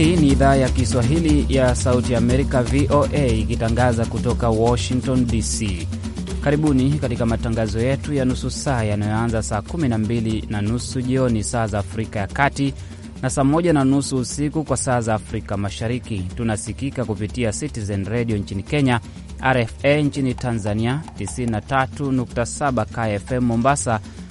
Hii ni idhaa ya Kiswahili ya Sauti Amerika, VOA, ikitangaza kutoka Washington DC. Karibuni katika matangazo yetu ya nusu saa yanayoanza saa 12 na nusu jioni saa za Afrika ya Kati na saa 1 na nusu usiku kwa saa za Afrika Mashariki. Tunasikika kupitia Citizen Radio nchini Kenya, RFA nchini Tanzania, 93.7 KFM Mombasa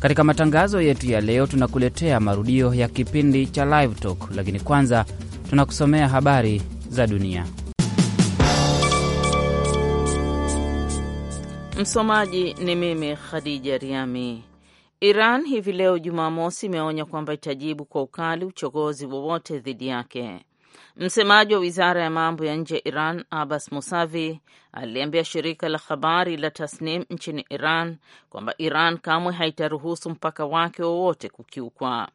Katika matangazo yetu ya leo, tunakuletea marudio ya kipindi cha Live Talk, lakini kwanza tunakusomea habari za dunia. Msomaji ni mimi Khadija Riami. Iran hivi leo Jumamosi imeonya kwamba itajibu kwa ukali uchokozi wowote dhidi yake. Msemaji wa wizara ya mambo ya nje ya Iran Abbas Musavi aliambia shirika la habari la Tasnim nchini Iran kwamba Iran kamwe haitaruhusu mpaka wake wowote kukiukwa.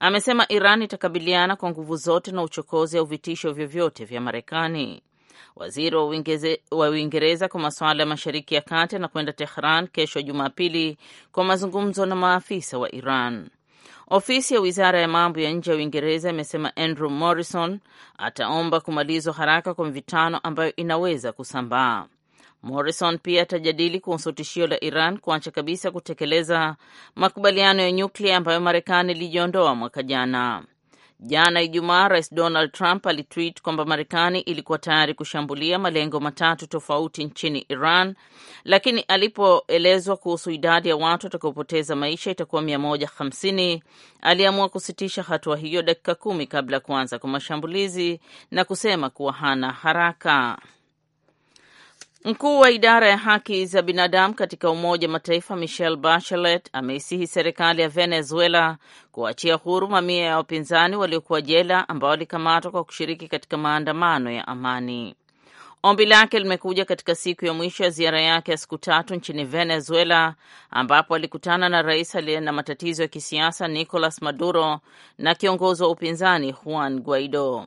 Amesema Iran itakabiliana kwa nguvu zote na uchokozi au vitisho vyovyote vya Marekani. Waziri wa Uingereza kwa masuala ya Mashariki ya Kati anakwenda Tehran kesho Jumapili kwa mazungumzo na maafisa wa Iran. Ofisi ya wizara ya mambo ya nje ya Uingereza imesema Andrew Morrison ataomba kumalizwa haraka kwa mivutano ambayo inaweza kusambaa. Morrison pia atajadili kuhusu tishio la Iran kuacha kabisa kutekeleza makubaliano ya nyuklia ambayo Marekani ilijiondoa mwaka jana. Jana Ijumaa, Rais Donald Trump alitweet kwamba Marekani ilikuwa tayari kushambulia malengo matatu tofauti nchini Iran, lakini alipoelezwa kuhusu idadi ya watu watakaopoteza maisha itakuwa 150, aliamua kusitisha hatua hiyo dakika kumi kabla ya kuanza kwa mashambulizi na kusema kuwa hana haraka. Mkuu wa idara ya haki za binadamu katika Umoja wa Mataifa Michelle Bachelet ameisihi serikali ya Venezuela kuachia huru mamia ya wapinzani waliokuwa jela ambao walikamatwa kwa kushiriki katika maandamano ya amani. Ombi lake limekuja katika siku ya mwisho ya ziara yake ya siku tatu nchini Venezuela, ambapo alikutana na rais aliye na matatizo ya kisiasa Nicolas Maduro na kiongozi wa upinzani Juan Guaido.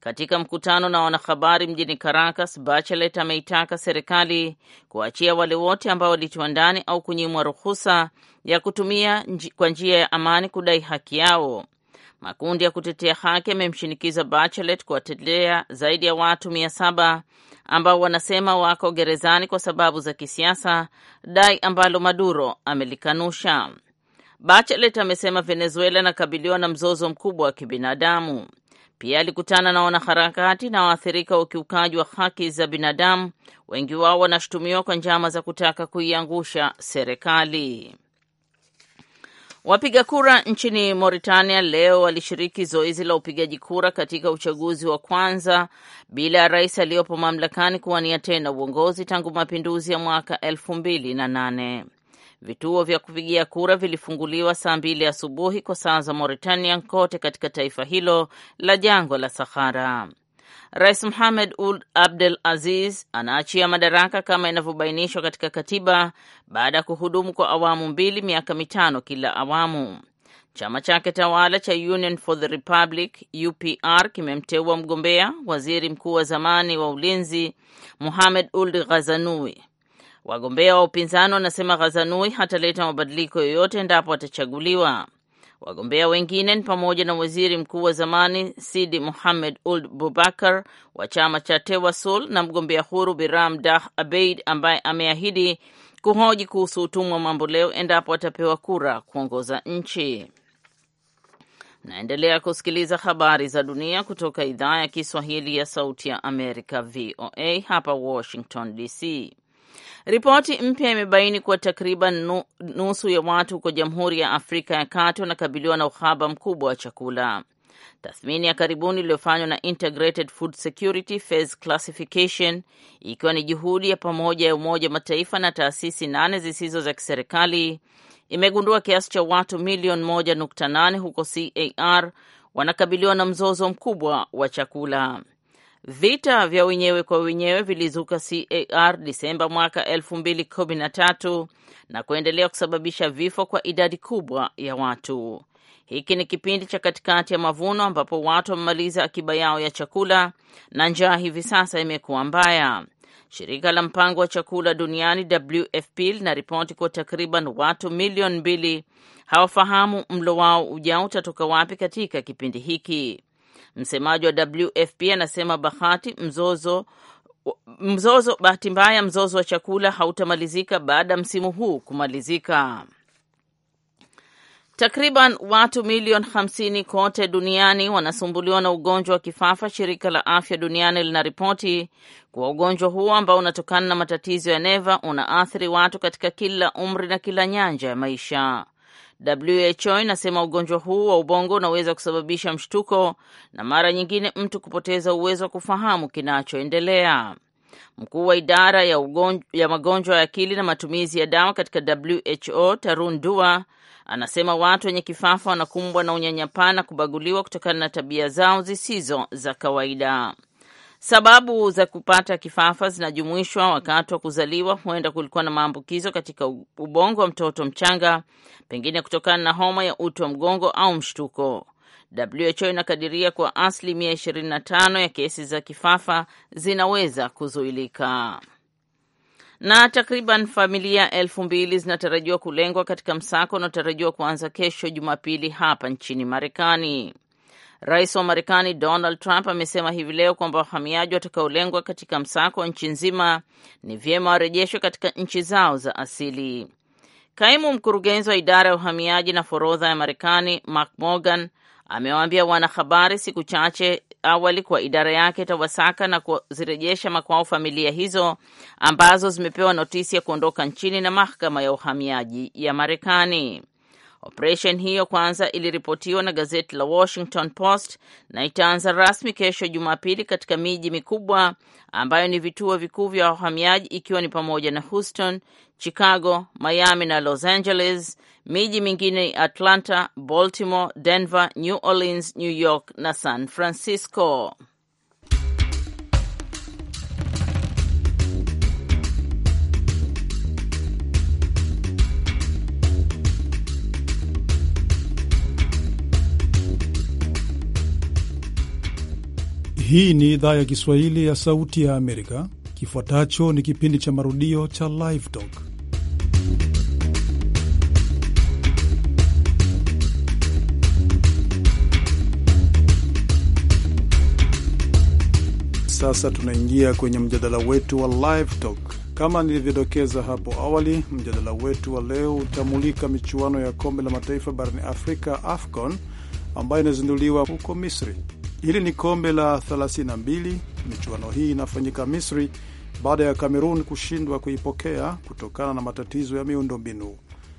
Katika mkutano na wanahabari mjini Caracas, Bachelet ameitaka serikali kuachia wale wote ambao walitiwa ndani au kunyimwa ruhusa ya kutumia kwa njia ya amani kudai haki yao. Makundi ya kutetea haki yamemshinikiza Bachelet kuwatetea zaidi ya watu mia saba ambao wanasema wako gerezani kwa sababu za kisiasa, dai ambalo Maduro amelikanusha. Bachelet amesema Venezuela inakabiliwa na mzozo mkubwa wa kibinadamu. Pia alikutana na wanaharakati na waathirika wa ukiukaji wa haki za binadamu, wengi wao wanashutumiwa kwa njama za kutaka kuiangusha serikali. Wapiga kura nchini Mauritania leo walishiriki zoezi la upigaji kura katika uchaguzi wa kwanza bila ya rais aliyopo mamlakani kuwania tena uongozi tangu mapinduzi ya mwaka elfu mbili na nane. Vituo vya kupigia kura vilifunguliwa saa mbili asubuhi kwa saa za Mauritania kote katika taifa hilo la jangwa la Sahara. Rais Mohamed Ould Abdel Aziz anaachia madaraka kama inavyobainishwa katika katiba baada ya kuhudumu kwa awamu mbili, miaka mitano kila awamu. Chama chake tawala cha Union for the Republic UPR kimemteua mgombea waziri mkuu wa zamani wa ulinzi Mohamed Ould Ghazanui Wagombea wa upinzani wanasema Ghazanui hataleta mabadiliko yoyote endapo atachaguliwa. Wagombea wengine ni pamoja na waziri mkuu wa zamani Sidi Muhamed Uld Bubakar wa chama cha Tewasul na mgombea huru Biram Dah Abeid ambaye ameahidi kuhoji kuhusu utumwa mambo leo endapo atapewa kura kuongoza nchi. Naendelea kusikiliza habari za dunia kutoka idhaa ya Kiswahili ya Sauti ya Amerika, VOA hapa Washington DC. Ripoti mpya imebaini kuwa takriban nusu ya watu huko Jamhuri ya Afrika ya Kati wanakabiliwa na uhaba mkubwa wa chakula. Tathmini ya karibuni iliyofanywa na Integrated Food Security Phase Classification, ikiwa ni juhudi ya pamoja ya Umoja wa Mataifa na taasisi nane zisizo za kiserikali, imegundua kiasi cha watu milioni 1.8 huko CAR wanakabiliwa na mzozo mkubwa wa chakula. Vita vya wenyewe kwa wenyewe vilizuka CAR Disemba mwaka elfu na na kuendelea kusababisha vifo kwa idadi kubwa ya watu. Hiki ni kipindi cha katikati ya mavuno ambapo watu wamemaliza akiba yao ya chakula na njaa hivi sasa imekuwa mbaya. Shirika la mpango wa chakula duniani WFP linaripoti kuwa takriban watu milioni mbili hawafahamu mlo wao ujao utatoka wapi katika kipindi hiki. Msemaji wa WFP anasema bahati mzozo mzozo bahati mbaya, mzozo wa chakula hautamalizika baada ya msimu huu kumalizika. Takriban watu milioni 50 kote duniani wanasumbuliwa na ugonjwa wa kifafa. Shirika la afya duniani linaripoti kuwa ugonjwa huo ambao unatokana na matatizo ya neva unaathiri watu katika kila umri na kila nyanja ya maisha. WHO inasema ugonjwa huu wa ubongo unaweza kusababisha mshtuko na mara nyingine mtu kupoteza uwezo wa kufahamu kinachoendelea. Mkuu wa idara ya, ugonjwa, ya magonjwa ya akili na matumizi ya dawa katika WHO Tarun Dua anasema watu wenye kifafa wanakumbwa na unyanyapaa na kubaguliwa kutokana na tabia zao zisizo za kawaida. Sababu za kupata kifafa zinajumuishwa wakati wa kuzaliwa, huenda kulikuwa na maambukizo katika ubongo wa mtoto mchanga, pengine kutokana na homa ya uti wa mgongo au mshtuko. WHO inakadiria kwa asilimia 25 ya kesi za kifafa zinaweza kuzuilika. Na takriban familia elfu mbili zinatarajiwa kulengwa katika msako unaotarajiwa kuanza kesho Jumapili hapa nchini Marekani. Rais wa Marekani Donald Trump amesema hivi leo kwamba wahamiaji watakaolengwa katika msako wa nchi nzima ni vyema warejeshwe katika nchi zao za asili. Kaimu mkurugenzi wa idara ya uhamiaji na forodha ya Marekani Mark Morgan amewaambia wanahabari siku chache awali kuwa idara yake itawasaka na kuzirejesha makwao familia hizo ambazo zimepewa notisi ya kuondoka nchini na mahakama ya uhamiaji ya Marekani. Operesheni hiyo kwanza iliripotiwa na gazeti la Washington Post na itaanza rasmi kesho Jumapili katika miji mikubwa ambayo ni vituo vikuu vya wahamiaji ikiwa ni pamoja na Houston, Chicago, Miami na Los Angeles. Miji mingine ni Atlanta, Baltimore, Denver, New Orleans, New York na San Francisco. Hii ni idhaa ya Kiswahili ya Sauti ya Amerika. Kifuatacho ni kipindi cha marudio cha Live Talk. Sasa tunaingia kwenye mjadala wetu wa Live Talk. Kama nilivyodokeza hapo awali, mjadala wetu wa leo utamulika michuano ya kombe la mataifa barani Afrika, AFCON, ambayo inazinduliwa huko Misri. Hili ni kombe la 32. Michuano hii inafanyika Misri baada ya Kamerun kushindwa kuipokea kutokana na matatizo ya miundombinu.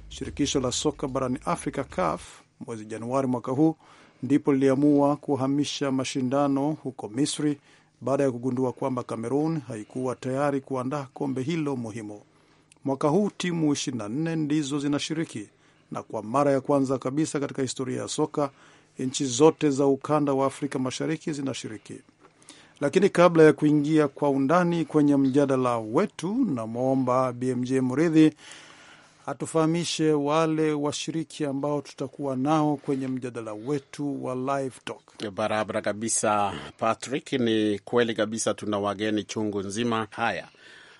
Shirikisho la soka barani Afrika, CAF, mwezi Januari mwaka huu ndipo liliamua kuhamisha mashindano huko Misri baada ya kugundua kwamba Kamerun haikuwa tayari kuandaa kombe hilo muhimu. Mwaka huu timu 24 ndizo zinashiriki na kwa mara ya kwanza kabisa katika historia ya soka nchi zote za ukanda wa Afrika Mashariki zinashiriki. Lakini kabla ya kuingia kwa undani kwenye mjadala wetu, namwomba BMJ Mridhi atufahamishe wale washiriki ambao tutakuwa nao kwenye mjadala wetu wa live talk. Barabara kabisa, Patrick, ni kweli kabisa, tuna wageni chungu nzima. Haya,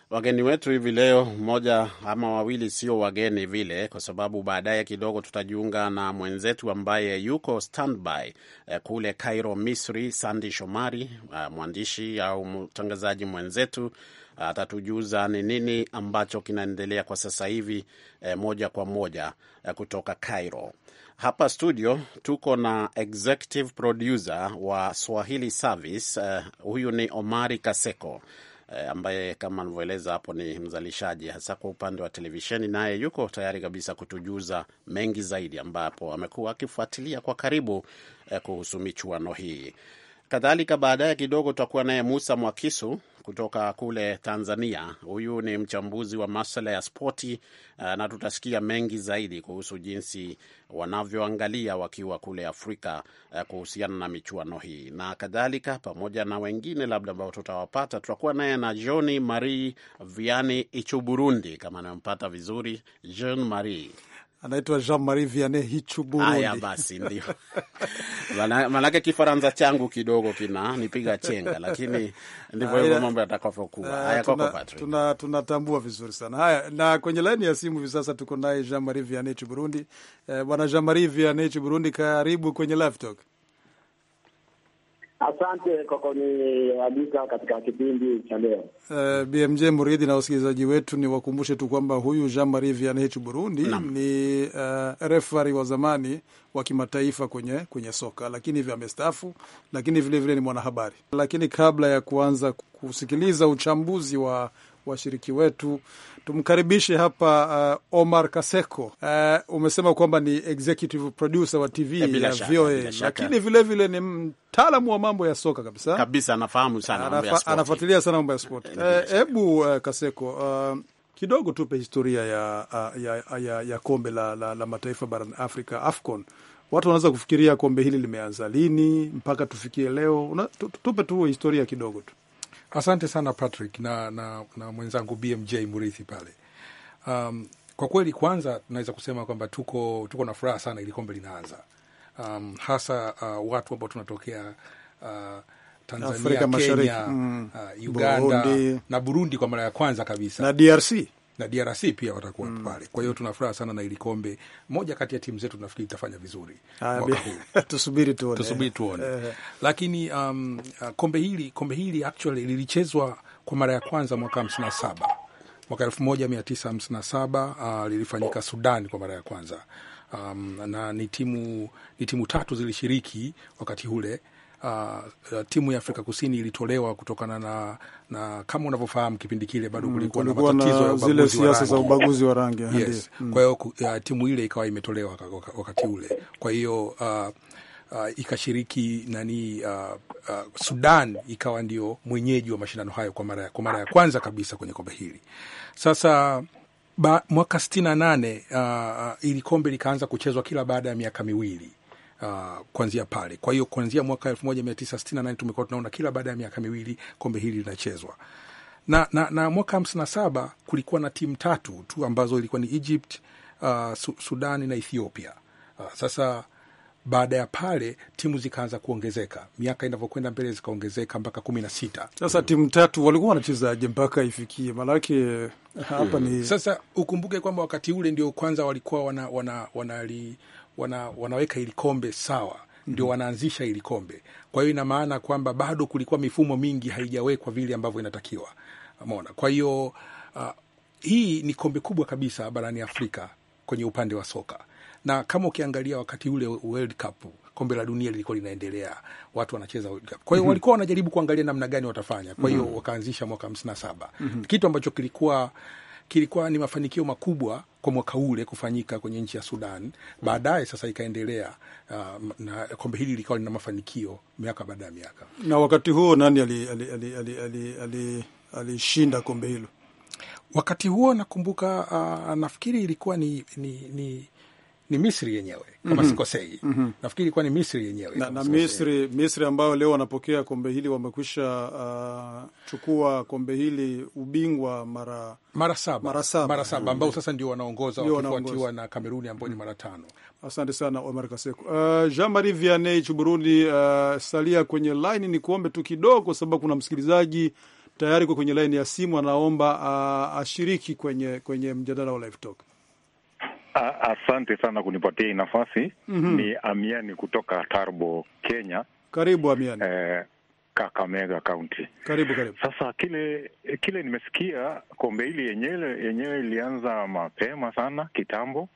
Wageni wetu hivi leo, mmoja ama wawili, sio wageni vile, kwa sababu baadaye kidogo tutajiunga na mwenzetu ambaye yuko standby eh, kule Cairo, Misri. Sandi Shomari, eh, mwandishi au mtangazaji mwenzetu, atatujuza ni nini ambacho kinaendelea kwa sasa hivi, eh, moja kwa moja kutoka Cairo. Hapa studio tuko na executive producer wa Swahili Service. Uh, huyu ni Omari Kaseko Eh, ambaye kama anavyoeleza hapo ni mzalishaji hasa kwa upande wa televisheni, naye yuko tayari kabisa kutujuza mengi zaidi, ambapo amekuwa akifuatilia kwa karibu eh, kuhusu michuano hii. Kadhalika, baadaye kidogo tutakuwa naye Musa Mwakisu kutoka kule Tanzania. Huyu ni mchambuzi wa masala ya spoti eh, na tutasikia mengi zaidi kuhusu jinsi wanavyoangalia wakiwa kule Afrika eh, kuhusiana na michuano hii na kadhalika, pamoja na wengine labda ambao tutawapata. Tutakuwa naye na Jean Marie viani Ichu Burundi, kama anayompata vizuri Jean Marie anaitwa Jean Marie Vianney hichu Burundi. basi, ndio maanake Kifaransa changu kidogo kina nipiga chenga, lakini ndivyo hivyo mambo yatakavyokuwa. Ah, Haya, tunatambua tuna, tuna vizuri sana. Haya, na kwenye laini ya simu hivi sasa tuko naye Jean Marie Vianney hichu Burundi. Eh, bwana eh, Jean Marie Vianney hichu Burundi, karibu kwenye live talk. Asante kwa kunialika katika kipindi cha leo. Uh, eh, BMJ Muridhi na wasikilizaji wetu ni wakumbushe tu kwamba huyu Jean Marie Vianney Hichu Burundi ni uh, eh, refari wa zamani wa kimataifa kwenye kwenye soka, lakini hivyo amestaafu, lakini vilevile vile ni mwanahabari. Lakini kabla ya kuanza kusikiliza uchambuzi wa washiriki wetu. Tumkaribishe hapa uh, Omar Kaseko. Uh, umesema kwamba ni executive producer wa TV e, eh, ya VOA, lakini vilevile ni mtaalamu wa mambo ya soka kabisa kabisa, anafahamu sana mambo ya sport, anafuatilia sana mambo ya sport. Eh, eh, hebu uh, Kaseko, uh, kidogo tupe historia ya, uh, ya, ya, ya kombe la, la, la mataifa barani Afrika, AFCON. Watu wanaweza kufikiria kombe hili limeanza lini mpaka tufikie leo. Una, tupe tu historia kidogo tu. Asante sana Patrick na, na, na mwenzangu BMJ Murithi pale. Um, kwa kweli kwanza tunaweza kusema kwamba tuko, tuko na furaha sana ili kombe linaanza, um, hasa uh, watu ambao tunatokea uh, Tanzania, Afrika Kenya, mm, uh, Uganda Burundi na Burundi kwa mara ya kwanza kabisa na DRC na DRC pia watakuwa mm. pale. Kwa hiyo tuna furaha sana na ili kombe, moja kati ya timu zetu nafikiri itafanya vizuri ah, mwaka huu tusubiri tuone, tusubiri tuone. Eh. Lakini um, uh, kombe hili kombe hili actually lilichezwa kwa mara ya kwanza mwaka hamsini na saba mwaka elfu moja mia tisa hamsini na saba uh, lilifanyika Sudan kwa mara ya kwanza um, na ni timu ni timu tatu zilishiriki wakati ule Uh, uh, timu ya Afrika Kusini ilitolewa kutokana na, na kama unavyofahamu kipindi kile bado mm, kulikuwa mm, na matatizo ya zile siasa za ubaguzi wa rangi yes. mm. Kwa hiyo uh, timu ile ikawa imetolewa wakati ule, kwa hiyo uh, Uh, ikashiriki nani uh, uh, Sudan ikawa ndio mwenyeji wa mashindano hayo kwa mara, kwa mara ya kwanza kabisa kwenye kombe hili. Sasa ba, mwaka sitini na nane uh, uh ili kombe likaanza kuchezwa kila baada ya miaka miwili uh, kuanzia pale. Kwa hiyo kuanzia mwaka elfu moja mia tisa sitini na nane tumekuwa tunaona kila baada ya miaka miwili kombe hili linachezwa na, na, na mwaka hamsini na saba kulikuwa na timu tatu tu ambazo ilikuwa ni Egypt, uh, Sudani na Ethiopia. Uh, sasa baada ya pale timu zikaanza kuongezeka, miaka inavyokwenda mbele zikaongezeka mpaka kumi na sita. Sasa timu tatu walikuwa wanachezaje mpaka ifikie? Maanake eh, hapa ni sasa, ukumbuke kwamba wakati ule ndio kwanza walikuwa wana, wana, wana, wanaweka hili kombe sawa ndio mhm. wanaanzisha ili kombe. Kwa hiyo ina maana kwamba bado kulikuwa mifumo mingi haijawekwa vile ambavyo inatakiwa, umeona. Kwa hiyo uh, hii ni kombe kubwa kabisa barani Afrika kwenye upande wa soka, na kama ukiangalia wakati ule World Cup, kombe la dunia lilikuwa linaendelea, watu wanacheza World Cup. Kwa hiyo mm -hmm. walikuwa wanajaribu kuangalia namna gani watafanya. Kwa hiyo mm -hmm. wakaanzisha mwaka hamsini na saba mm -hmm. kitu ambacho kilikuwa kilikuwa ni mafanikio makubwa kwa mwaka ule kufanyika kwenye nchi ya Sudan. Baadaye sasa ikaendelea uh, na kombe hili likawa lina mafanikio miaka baada ya miaka. Na wakati huo nani alishinda ali, ali, ali, ali, ali, ali kombe hilo? Wakati huo nakumbuka, uh, nafikiri ilikuwa ni, ni, ni ni Misri yenyewe kama mm -hmm. sikosei mm -hmm. nafikiri ilikuwa ni Misri yenyewe na, na Misri, Misri ambayo leo wanapokea kombe hili wamekwisha uh, chukua kombe hili ubingwa mara mara saba mara saba, mara saba ambao sasa ndio wanaongoza wakifuatiwa na Kameruni ambao ni mhm. mara tano. Asante sana Omar Kaseko. Uh, Jean Marie Vianney Burundi, uh, salia kwenye line ni kuombe tu kidogo, sababu kuna msikilizaji tayari kwa kwenye line ya simu anaomba uh, ashiriki kwenye, kwenye mjadala wa live talk. Asante sana kunipatia hii nafasi. mm -hmm. Ni Amiani kutoka Tarbo, Kenya. Karibu Amiani. Eh, Kakamega kaunti Karibu, karibu. Sasa kile kile nimesikia kombe hili yenyewe yenyewe ilianza mapema sana kitambo,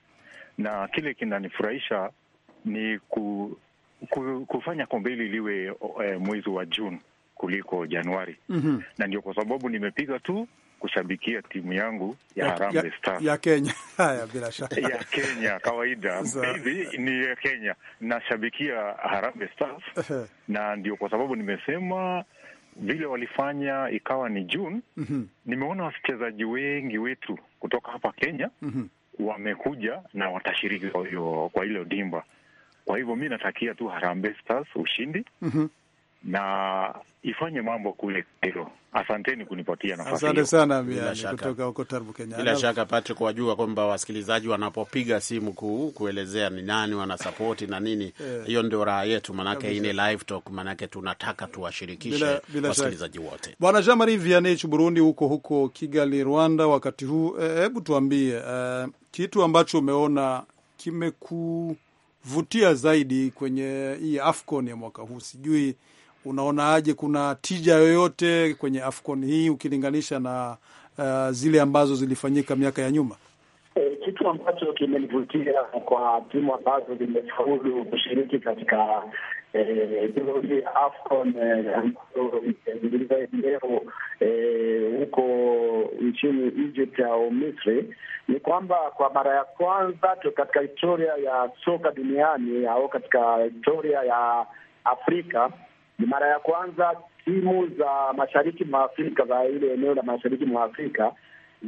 na kile kinanifurahisha ni ku, ku, kufanya kombe hili liwe eh, mwezi wa Juni kuliko Januari. mm -hmm. Na ndio kwa sababu nimepiga tu kushabikia timu yangu ya, ya Harambee Stars ya Kenya. Haya, bila shaka ya Kenya kawaida hivi ni ya Kenya, nashabikia Harambee Stars na ndio kwa sababu nimesema vile walifanya ikawa ni June. mm -hmm. Nimeona wachezaji wengi wetu kutoka hapa Kenya mm -hmm. wamekuja na watashiriki kwa hiyo kwa ile dimba. Kwa hivyo mi natakia tu Harambee Stars ushindi mm -hmm na ifanye mambo kule Kairo. Asanteni kunipatia nafasi. Asante sana Miani kutoka huko Tarbu, Kenya. Bila shaka Patrick, wajua kwamba wasikilizaji wanapopiga simu kuu kuelezea ni nani wanasapoti na nini, eh. hiyo yeah, ndio raha yetu, maanake hii ni live talk, tunataka tuwashirikishe wasikilizaji wote. Bwana Jean Marie Vianney Burundi, huko huko Kigali, Rwanda, wakati huu, eh, hebu eh, tuambie eh, kitu ambacho umeona kimekuvutia zaidi kwenye hii AFCON ya mwaka huu, sijui unaonaaje, kuna tija yoyote kwenye AFCON hii ukilinganisha na uh, zile ambazo zilifanyika miaka ya nyuma? E, kitu ambacho kimenivutia kwa timu ambazo zimefaulu kushiriki katika eh, tuzo hii ya AFCON ambayo imezungumza leo huko nchini Egypt au Misri ni kwamba kwa mara ya kwanza katika historia ya soka duniani au katika historia ya Afrika ni mara ya kwanza timu za mashariki mwa Afrika za ile eneo la mashariki mwa Afrika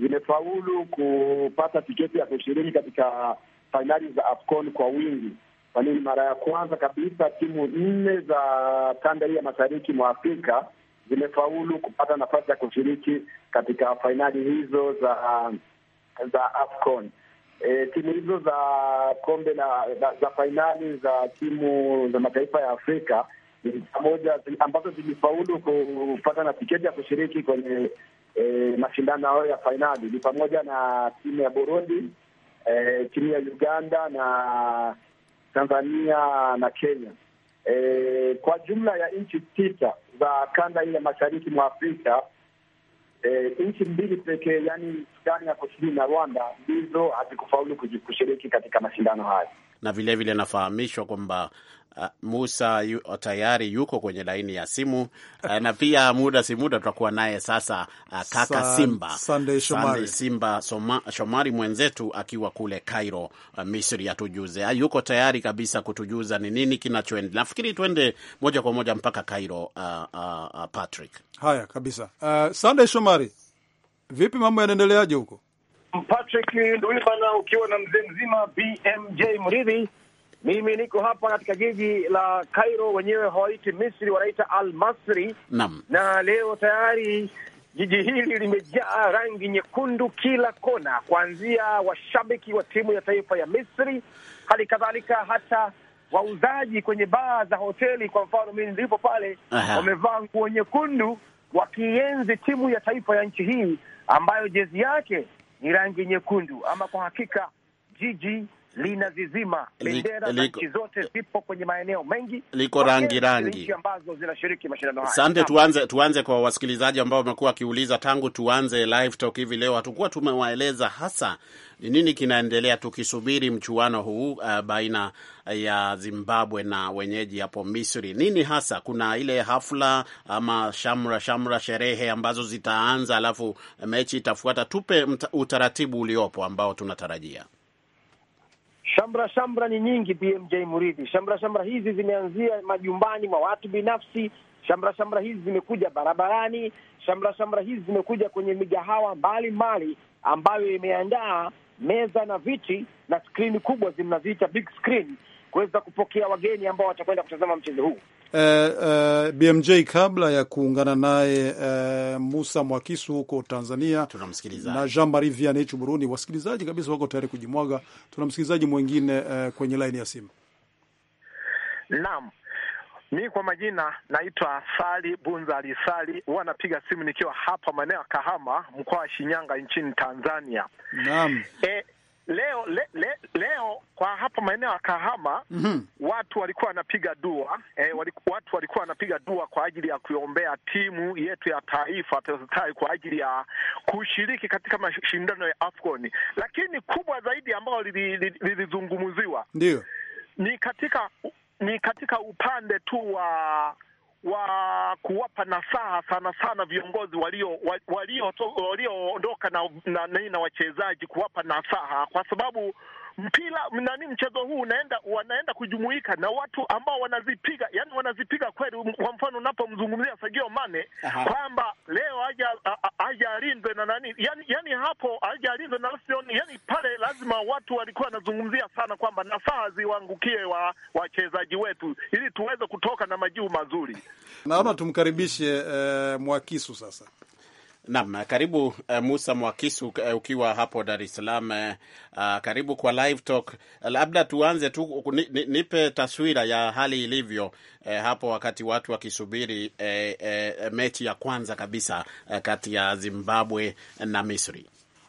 zimefaulu kupata tiketi ya kushiriki katika fainali za AFCON kwa wingi, kwani ni mara ya kwanza kabisa timu nne za kanda hii ya mashariki mwa Afrika zimefaulu kupata nafasi ya kushiriki katika fainali hizo za za AFCON. E, timu hizo za kombe la za fainali za timu za mataifa ya Afrika pamoja ambazo zilifaulu kupata na tiketi ya kushiriki kwenye e, mashindano hayo ya fainali ni pamoja na timu ya Burundi, e, timu ya Uganda na Tanzania na Kenya. E, kwa jumla ya nchi sita za kanda hii ya mashariki mwa Afrika E, nchi mbili pekee yani Sudani ya Kusini na Rwanda ndizo hazikufaulu kushiriki katika mashindano hayo, na vilevile nafahamishwa kwamba uh, Musa yu, uh, tayari yuko kwenye laini ya simu uh, na pia muda si muda tutakuwa naye sasa uh, kaka Sa Simba Sunday Shomari, Sunday Simba Soma, Shomari mwenzetu akiwa kule Cairo uh, Misri atujuze uh, yuko tayari kabisa kutujuza ni nini kinachoendelea. Nafikiri tuende moja kwa moja mpaka Cairo uh, uh, uh, Patrick Haya kabisa. Uh, Sunday Shomari, vipi mambo yanaendeleaje huko? Patrick Ndwimana ukiwa na mzee mzima BMJ Mridhi. Mimi niko hapa katika jiji la Cairo, wenyewe hawaiti Misri, wanaita Al Masri. Naam. Na leo tayari jiji hili limejaa rangi nyekundu kila kona, kuanzia washabiki wa timu ya taifa ya Misri, hali kadhalika hata wauzaji kwenye baa za hoteli, kwa mfano mimi nilipo pale, wamevaa nguo nyekundu wakienzi timu ya taifa ya nchi hii ambayo jezi yake ni rangi nyekundu. Ama kwa hakika jiji lina zizima bendera za nchi zote zipo kwenye maeneo mengi, liko rangi rangi ambazo zinashiriki mashindano haya. Asante, tuanze tuanze kwa wasikilizaji ambao wamekuwa wakiuliza tangu tuanze live talk hivi leo, hatukuwa tumewaeleza hasa ni nini kinaendelea, tukisubiri mchuano huu uh, baina ya Zimbabwe na wenyeji hapo Misri. Nini hasa, kuna ile hafla ama shamra shamra, sherehe ambazo zitaanza, alafu mechi itafuata. Tupe utaratibu uliopo ambao tunatarajia. Shamra shamra ni nyingi, BMJ Muridhi. Shamra shamra hizi zimeanzia majumbani mwa watu binafsi, shamra shamra hizi zimekuja barabarani, shamra shamra hizi zimekuja kwenye migahawa mbalimbali ambayo imeandaa meza na viti na skrini kubwa, zinaziita big screen, kuweza kupokea wageni ambao watakwenda kutazama mchezo huu. Uh, eh, uh, eh, BMJ kabla ya kuungana naye uh, Musa Mwakisu huko Tanzania na Jean Marie Vianney Burundi. Wasikilizaji kabisa wako tayari kujimwaga. Tuna msikilizaji mwingine uh, kwenye laini ya simu. Naam, mi kwa majina naitwa Sali bunzali sali huwa napiga simu nikiwa hapa maeneo ya Kahama, mkoa wa Shinyanga, nchini Tanzania. Naam. E, leo le, le, leo kwa hapa maeneo ya Kahama mm -hmm. watu walikuwa wanapiga dua eh, waliku, watu walikuwa wanapiga dua kwa ajili ya kuombea timu yetu ya taifa Teostai kwa ajili ya kushiriki katika mashindano ya Afcon, lakini kubwa zaidi ambayo lilizungumziwa li, li, li, ndio ni katika ni katika upande tu wa wa kuwapa nasaha sana sana viongozi walioondoka walio, na, na, na, na wachezaji kuwapa nasaha kwa sababu mpira nani, mchezo huu unaenda, wanaenda kujumuika na watu ambao wanazipiga, yani wanazipiga kweli. Um, kwa mfano unapomzungumzia Sagio Mane kwamba leo haja haja alindwe na nani, yani, yani hapo haja alindwe na Arsenal, yani pale lazima watu walikuwa wanazungumzia sana kwamba nafaa ziwaangukie wa wachezaji wetu ili tuweze kutoka na majibu mazuri. Naona tumkaribishe eh, Mwakisu sasa. Naam, karibu uh, Musa Mwakisu uh, ukiwa hapo Dar es Salaam uh, karibu kwa live talk. Labda tuanze tu, nipe taswira ya hali ilivyo uh, hapo wakati watu wakisubiri uh, uh, mechi ya kwanza kabisa uh, kati ya Zimbabwe na Misri.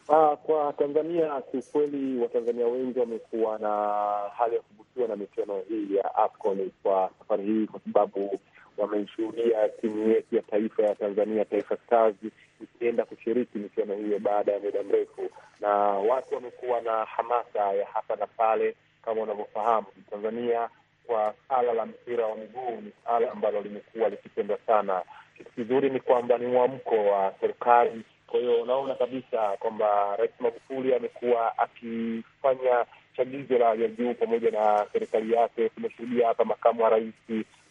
Aa, ah, kwa Tanzania kiukweli, Watanzania wengi wamekuwa na hali ya kubukiwa na michuano hii ya AFCON kwa safari hii kwa sababu wameishuhudia timu yetu ya taifa ya Tanzania, Taifa Stars, ikienda kushiriki michuano hiyo baada ya muda mrefu, na watu wamekuwa na hamasa ya hapa na pale. Kama unavyofahamu, Tanzania kwa sala la mpira wa miguu ni sala ambalo limekuwa likipendwa sana. Kitu kizuri ni kwamba ni mwamko wa serikali. Kwa hiyo unaona kabisa kwamba Rais Magufuli amekuwa akifanya chagizo la ya juu pamoja na serikali yake. Tumeshuhudia hapa makamu wa rais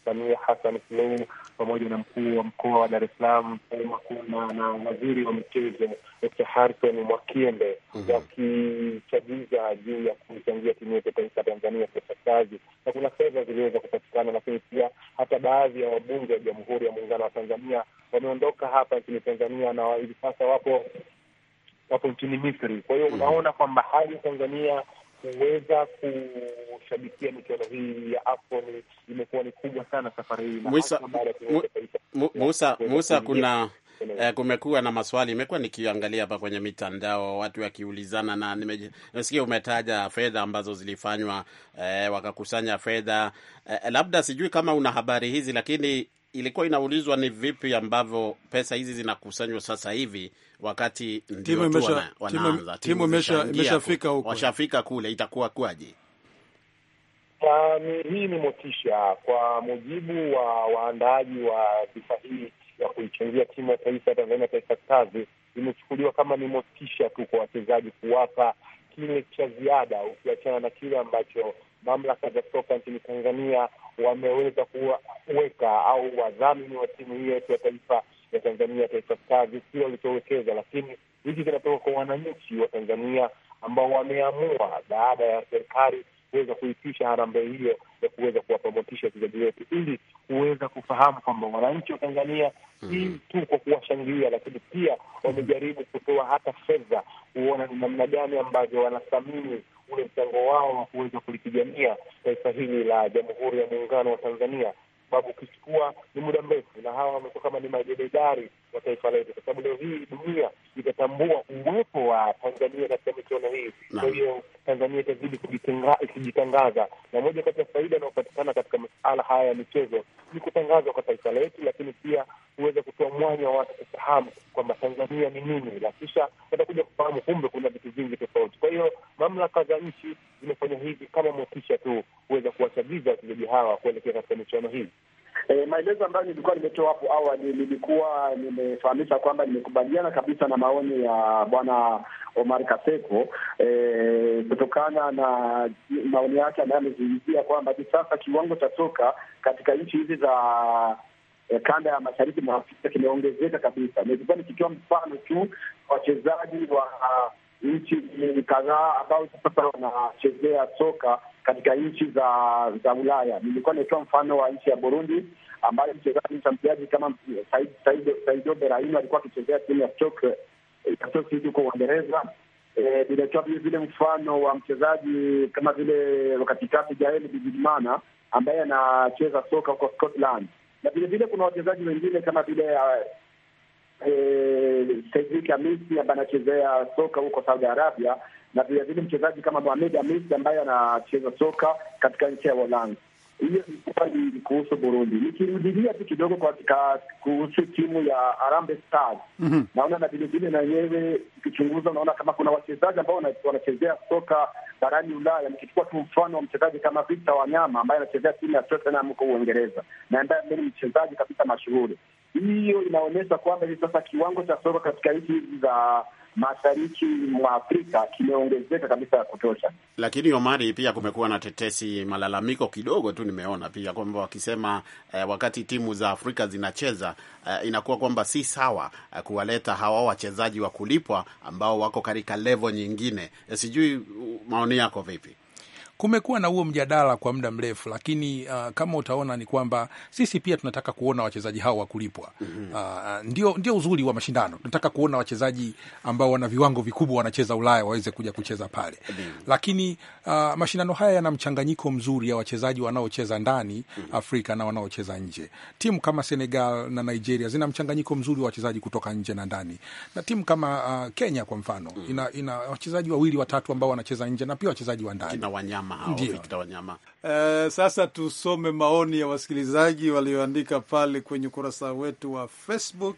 Samia Hassan Suluhu pamoja na mkuu wa mkoa wa Dar es Salaam Makuna na waziri wa michezo Dr. Harrison Mwakiembe mhm. wakichagiza juu ya kuichangia timu yetu ya taifa Tanzania Taifa Stars, na kuna fedha ziliweza kupatikana, lakini pia hata baadhi ya wabunge wa Jamhuri ya Muungano wa Tanzania wameondoka hapa nchini Tanzania na hivi sasa wapo wapo nchini Misri. Kwa hiyo mhm. unaona kwamba hali ya Tanzania kuweza kushabikia michuano hii ya AFCON imekuwa ni kubwa sana safari hii. Musa, Musa, Musa, kuna Eh, kumekuwa na maswali, imekuwa nikiangalia hapa kwenye mitandao watu wakiulizana, na nimesikia umetaja fedha ambazo zilifanywa, eh, wakakusanya fedha eh, labda sijui kama una habari hizi, lakini ilikuwa inaulizwa ni vipi ambavyo pesa hizi zinakusanywa sasa hivi wakati ndio wanaanza timu imeshafika huko, washafika kule, itakuwa kwaje? Ah, hii ni motisha kwa mujibu wa waandaaji wa visa hii ya kuichangia timu ya taifa ya Tanzania Taifa Stars imechukuliwa kama ni motisha tu kwa wachezaji, kuwapa kile cha ziada, ukiachana na kile ambacho mamlaka za soka nchini Tanzania wameweza kuweka au wadhamini wa timu hii yetu ya taifa ya Tanzania, taifa sio walichowekeza, lakini hiki kinatoka kwa wananchi wa Tanzania ambao wameamua baada ya serikali kuweza kuitisha harambee hiyo ya kuweza kuwapamotisha wachezaji wetu, ili kuweza kufahamu kwamba wananchi wa Tanzania si mm, tu kwa kuwashangilia, lakini pia wamejaribu kutoa hata fedha kuona ni namna gani ambavyo wanathamini ule mchango wao wa kuweza kulipigania taifa hili la Jamhuri ya Muungano wa Tanzania sababu ukichukua ni muda mrefu, na hawa wamekuwa kama ni majededari wa taifa letu, kwa sababu leo hii dunia itatambua uwepo wa Tanzania katika michuano hii. Kwa hiyo Tanzania itazidi kujitangaza, na moja kati ya faida inayopatikana katika masuala haya ya michezo ni kutangazwa kwa taifa letu, lakini pia huweza kutoa mwanya wa watu kufahamu kwamba Tanzania ni nini, na kisha watakuja kufahamu kumbe kuna vitu vingi tofauti. Kwa hiyo mamlaka za nchi zimefanya hivi kama motisha tu, huweza kuwachagiza wachezaji hawa kuelekea katika michuano hii. E, maelezo ambayo nilikuwa nimetoa hapo awali, nilikuwa nimefahamisha kwamba nimekubaliana kabisa na maoni ya bwana Omar Kaseko e, kutokana na maoni yake ambayo amezungumzia kwamba hivi sasa kiwango cha soka katika nchi hizi za E, kanda ya mashariki mwa Afrika kimeongezeka kabisa. Nilikuwa nikitoa mfano tu wachezaji wa nchi kadhaa ambao sasa wanachezea soka katika nchi za za Ulaya. Nilikuwa naitoa mfano wa nchi ya Burundi ambayo mchezaji mshambuliaji kama Saido Beraino alikuwa akichezea timu ya Stoke huko Uingereza. E, nilitoa vile vile mfano wa mchezaji kama vile katikati Jael Bijimana ambaye anacheza soka huko Scotland, na vile vile kuna wachezaji wengine kama vile e, Cedric Amisi ambaye anachezea soka huko Saudi Arabia na vilevile mchezaji kama Mohamed Amis ambaye anacheza soka katika nchi ya Uholanzi. Hiyo ilikuwa ni kuhusu Burundi. Nikirudilia tu kidogo katika kuhusu timu ya Harambee Stars mm -hmm. Naona na vilevile na yeye ukichunguza, naona kama kuna wachezaji ambao wanachezea soka barani Ulaya. Nikichukua tu mfano wa mchezaji kama Victor Wanyama ambaye anachezea timu ya Tottenham huko Uingereza na ambaye ni mchezaji kabisa mashuhuri hiyo inaonyesha kwamba hivi sasa kiwango cha soka katika nchi hizi za mashariki mwa Afrika kimeongezeka kabisa ya kutosha. Lakini Omari, pia kumekuwa na tetesi, malalamiko kidogo tu nimeona pia kwamba wakisema eh, wakati timu za Afrika zinacheza eh, inakuwa kwamba si sawa eh, kuwaleta hawa wachezaji wa kulipwa ambao wako katika levo nyingine. Eh, sijui maoni yako vipi? kumekuwa na huo mjadala kwa muda mrefu, lakini uh, kama utaona ni kwamba sisi pia tunataka kuona wachezaji hao wakulipwa. mm -hmm. Uh, ndio, ndio uzuri wa mashindano. Tunataka kuona wachezaji ambao wana viwango vikubwa wanacheza Ulaya waweze kuja kucheza pale. mm -hmm. Lakini uh, mashindano haya yana mchanganyiko mzuri ya wachezaji wanaocheza ndani mm -hmm. Afrika na wanaocheza nje. Timu kama Senegal na Nigeria zina mchanganyiko mzuri wa wachezaji kutoka nje na ndani, na timu kama uh, Kenya kwa mfano mm -hmm. ina, ina wachezaji wawili watatu ambao wanacheza nje na pia wachezaji wa ndani wanyama hao, wanyama. Uh, sasa tusome maoni ya wasikilizaji walioandika pale kwenye ukurasa wetu wa Facebook,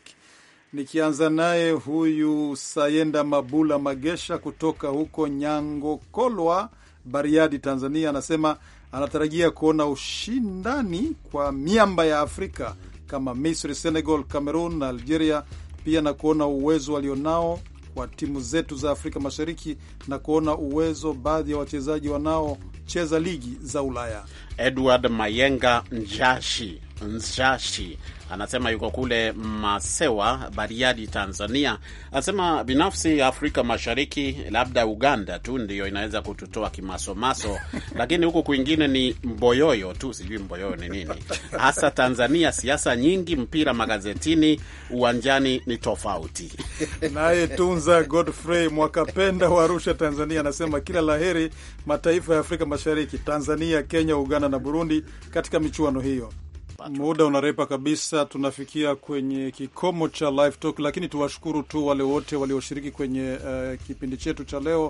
nikianza naye huyu Sayenda Mabula Magesha kutoka huko Nyangokolwa, Bariadi, Tanzania, anasema anatarajia kuona ushindani kwa miamba ya Afrika kama Misri, Senegal, Cameroon na Algeria, pia na kuona uwezo walionao kwa timu zetu za Afrika Mashariki na kuona uwezo baadhi ya wachezaji wanaocheza ligi za Ulaya. Edward Mayenga Njashi Nshashi anasema yuko kule Masewa, Bariadi, Tanzania. Anasema binafsi Afrika Mashariki, labda Uganda tu ndiyo inaweza kututoa kimasomaso lakini huku kwingine ni mboyoyo tu, sijui mboyoyo ni nini hasa. Tanzania siasa nyingi, mpira magazetini, uwanjani ni tofauti. Naye Tunza Godfrey Mwakapenda wa Arusha, Tanzania, anasema kila laheri mataifa ya Afrika Mashariki, Tanzania, Kenya, Uganda na Burundi katika michuano hiyo. Muda unarepa kabisa, tunafikia kwenye kikomo cha live talk, lakini tuwashukuru tu wale wote walioshiriki kwenye uh, kipindi chetu cha leo.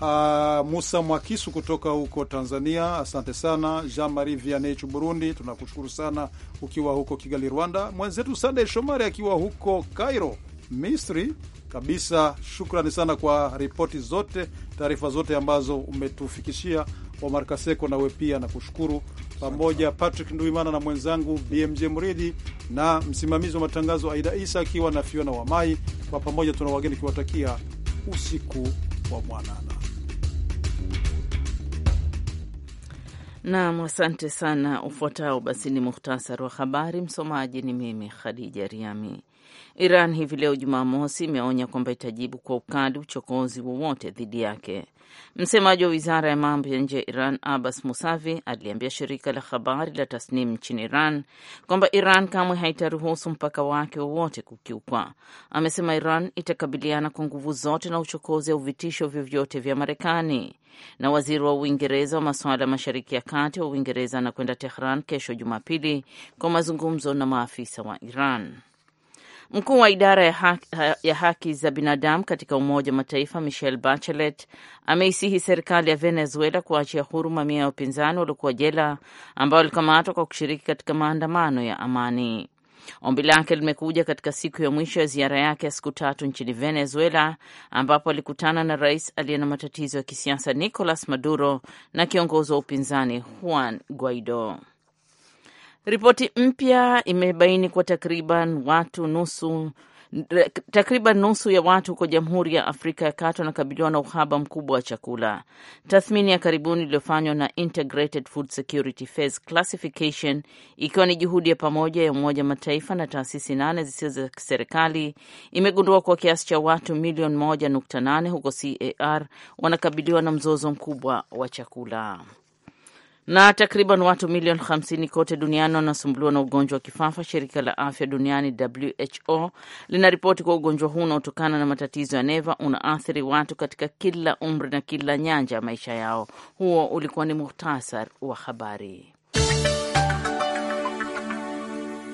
Uh, Musa Mwakisu kutoka huko Tanzania, asante sana. Jean Marie Vianechu Burundi, tunakushukuru sana ukiwa huko Kigali Rwanda. Mwenzetu Sandey Shomari akiwa huko Cairo Misri kabisa, shukrani sana kwa ripoti zote, taarifa zote ambazo umetufikishia. Omar Kaseko, nawe pia na kushukuru pamoja, Patrick Nduimana na mwenzangu BMJ Mridhi na msimamizi wa matangazo Aida Isa akiwa na Fiona Wamai. Kwa pamoja tuna wageni kiwatakia usiku wa mwanana. Naam, asante sana. Ufuatao basi ni muhtasari wa habari. Msomaji ni mimi Khadija Riami. Iran hivi leo Jumamosi imeonya kwamba itajibu kwa ukali uchokozi wowote dhidi yake Msemaji wa wizara ya mambo ya nje ya Iran Abbas Musavi aliambia shirika la habari la Tasnim nchini Iran kwamba Iran kamwe haitaruhusu mpaka wake wowote kukiukwa. Amesema Iran itakabiliana kwa nguvu zote na uchokozi au vitisho vyovyote vya Marekani. Na waziri wa Uingereza wa masuala ya mashariki ya kati wa Uingereza anakwenda Tehran kesho Jumapili kwa mazungumzo na maafisa wa Iran. Mkuu wa idara ya haki, ya haki za binadamu katika Umoja wa Mataifa Michelle Bachelet ameisihi serikali ya Venezuela kuachia huru mamia ya upinzani waliokuwa jela ambao walikamatwa kwa kushiriki katika maandamano ya amani. Ombi lake limekuja katika siku ya mwisho ya ziara yake ya siku tatu nchini Venezuela, ambapo alikutana na rais aliye na matatizo ya kisiasa Nicolas Maduro na kiongozi wa upinzani Juan Guaido. Ripoti mpya imebaini kuwa takriban watu nusu takriban nusu ya watu huko Jamhuri ya Afrika ya Kati wanakabiliwa na uhaba mkubwa wa chakula. Tathmini ya karibuni iliyofanywa na Integrated Food Security Phase Classification, ikiwa ni juhudi ya pamoja ya Umoja wa Mataifa na taasisi nane zisizo za kiserikali, imegundua kwa kiasi cha watu milioni 18 huko CAR wanakabiliwa na mzozo mkubwa wa chakula. Na takriban watu milioni 50 kote duniani wanasumbuliwa na ugonjwa wa kifafa. Shirika la afya duniani WHO linaripoti kuwa ugonjwa huu unaotokana na matatizo ya neva unaathiri watu katika kila umri na kila nyanja ya maisha yao. Huo ulikuwa ni muhtasar wa habari.